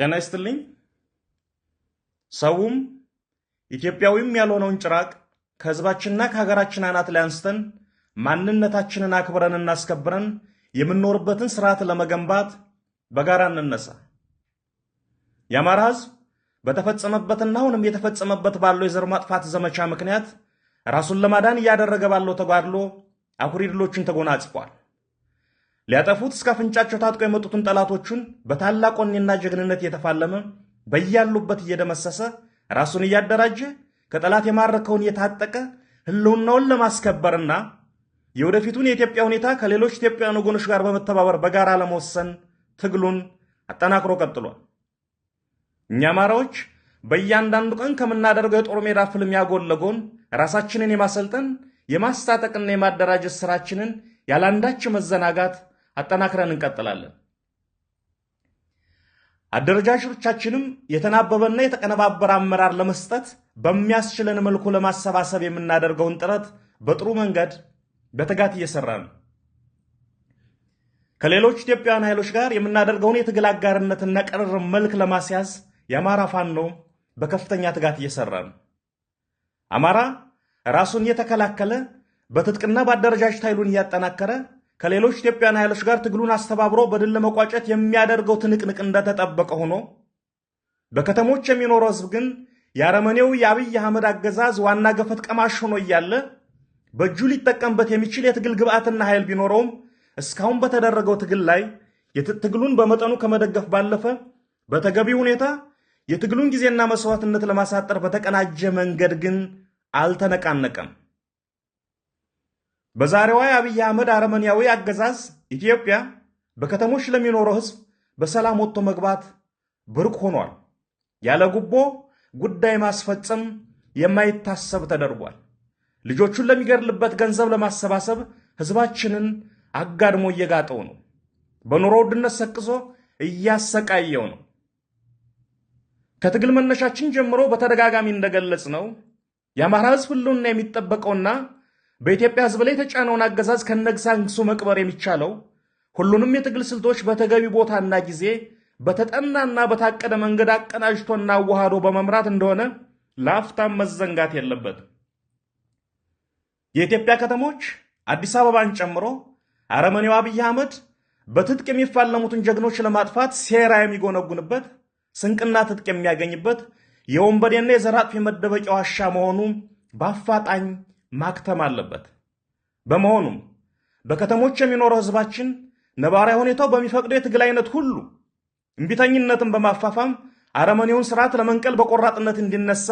ጤና ይስጥልኝ። ሰውም ኢትዮጵያዊም ያልሆነውን ጭራቅ ከህዝባችንና ከሀገራችን አናት ላይ አንስተን ማንነታችንን አክብረን እናስከብረን የምንኖርበትን ስርዓት ለመገንባት በጋራ እንነሳ። የአማራ ህዝብ በተፈጸመበትና አሁንም የተፈጸመበት ባለው የዘር ማጥፋት ዘመቻ ምክንያት ራሱን ለማዳን እያደረገ ባለው ተጋድሎ አኩሪ ድሎችን ተጎናጽፏል። ሊያጠፉት እስከ አፍንጫቸው ታጥቀው የመጡትን ጠላቶቹን በታላቅ ወኔና ጀግንነት እየተፋለመ በያሉበት እየደመሰሰ ራሱን እያደራጀ ከጠላት የማረከውን እየታጠቀ ህልውናውን ለማስከበርና የወደፊቱን የኢትዮጵያ ሁኔታ ከሌሎች ኢትዮጵያውያን ወገኖች ጋር በመተባበር በጋራ ለመወሰን ትግሉን አጠናክሮ ቀጥሏል። እኛ አማራዎች በእያንዳንዱ ቀን ከምናደርገው የጦር ሜዳ ፍልሚያ ጎን ለጎን ራሳችንን የማሰልጠን የማስታጠቅና የማደራጀት ስራችንን ያላንዳች መዘናጋት አጠናክረን እንቀጥላለን። አደረጃጀቶቻችንም የተናበበና የተቀነባበረ አመራር ለመስጠት በሚያስችለን መልኩ ለማሰባሰብ የምናደርገውን ጥረት በጥሩ መንገድ በትጋት እየሰራ ነው። ከሌሎች ኢትዮጵያውያን ኃይሎች ጋር የምናደርገውን የትግል አጋርነትና ቅርርብ መልክ ለማስያዝ የአማራ ፋኖ በከፍተኛ ትጋት እየሰራ ነው። አማራ ራሱን እየተከላከለ በትጥቅና በአደረጃጀት ኃይሉን እያጠናከረ ከሌሎች ኢትዮጵያን ኃይሎች ጋር ትግሉን አስተባብሮ በድል ለመቋጨት የሚያደርገው ትንቅንቅ እንደተጠበቀ ሆኖ በከተሞች የሚኖረው ህዝብ ግን የአረመኔው የአብይ አህመድ አገዛዝ ዋና ገፈት ቀማሽ ሆኖ እያለ በእጁ ሊጠቀምበት የሚችል የትግል ግብአትና ኃይል ቢኖረውም እስካሁን በተደረገው ትግል ላይ ትግሉን በመጠኑ ከመደገፍ ባለፈ በተገቢ ሁኔታ የትግሉን ጊዜና መስዋዕትነት ለማሳጠር በተቀናጀ መንገድ ግን አልተነቃነቀም። በዛሬዋ የአብይ አህመድ አረመንያዊ አገዛዝ ኢትዮጵያ በከተሞች ለሚኖረው ሕዝብ በሰላም ወጥቶ መግባት ብርቅ ሆኗል። ያለ ጉቦ ጉዳይ ማስፈጸም የማይታሰብ ተደርጓል። ልጆቹን ለሚገድልበት ገንዘብ ለማሰባሰብ ህዝባችንን አጋድሞ እየጋጠው ነው። በኑሮ ውድነት ሰቅዞ እያሰቃየው ነው። ከትግል መነሻችን ጀምሮ በተደጋጋሚ እንደገለጽ ነው የአማራ ህዝብ ህልውና የሚጠበቀውና በኢትዮጵያ ሕዝብ ላይ የተጫነውን አገዛዝ ከነግሳንግሱ መቅበር የሚቻለው ሁሉንም የትግል ስልቶች በተገቢ ቦታና ጊዜ በተጠናና በታቀደ መንገድ አቀናጅቶና አዋሃዶ በመምራት እንደሆነ ለአፍታም መዘንጋት የለበትም። የኢትዮጵያ ከተሞች አዲስ አበባን ጨምሮ አረመኔው አብይ አህመድ በትጥቅ የሚፋለሙትን ጀግኖች ለማጥፋት ሴራ የሚጎነጉንበት ስንቅና ትጥቅ የሚያገኝበት የወንበዴና የዘራጥፍ መደበቂያ ዋሻ መሆኑ በአፋጣኝ ማክተም አለበት። በመሆኑም በከተሞች የሚኖረው ህዝባችን ነባራዊ ሁኔታው በሚፈቅደው የትግል አይነት ሁሉ እምቢተኝነትን በማፋፋም አረመኔውን ስርዓት ለመንቀል በቆራጥነት እንዲነሳ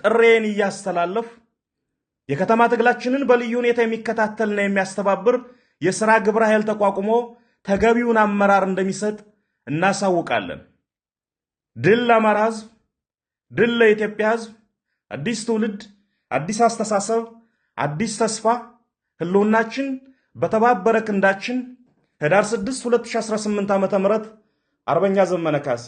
ጥሬን እያስተላለፍ የከተማ ትግላችንን በልዩ ሁኔታ የሚከታተልና የሚያስተባብር የሥራ ግብረ ኃይል ተቋቁሞ ተገቢውን አመራር እንደሚሰጥ እናሳውቃለን። ድል ለአማራ ህዝብ፣ ድል ለኢትዮጵያ ህዝብ። አዲስ ትውልድ፣ አዲስ አስተሳሰብ አዲስ ተስፋ ህልውናችን በተባበረ ክንዳችን ህዳር 6 2018 ም አርበኛ ዘመነ ካሴ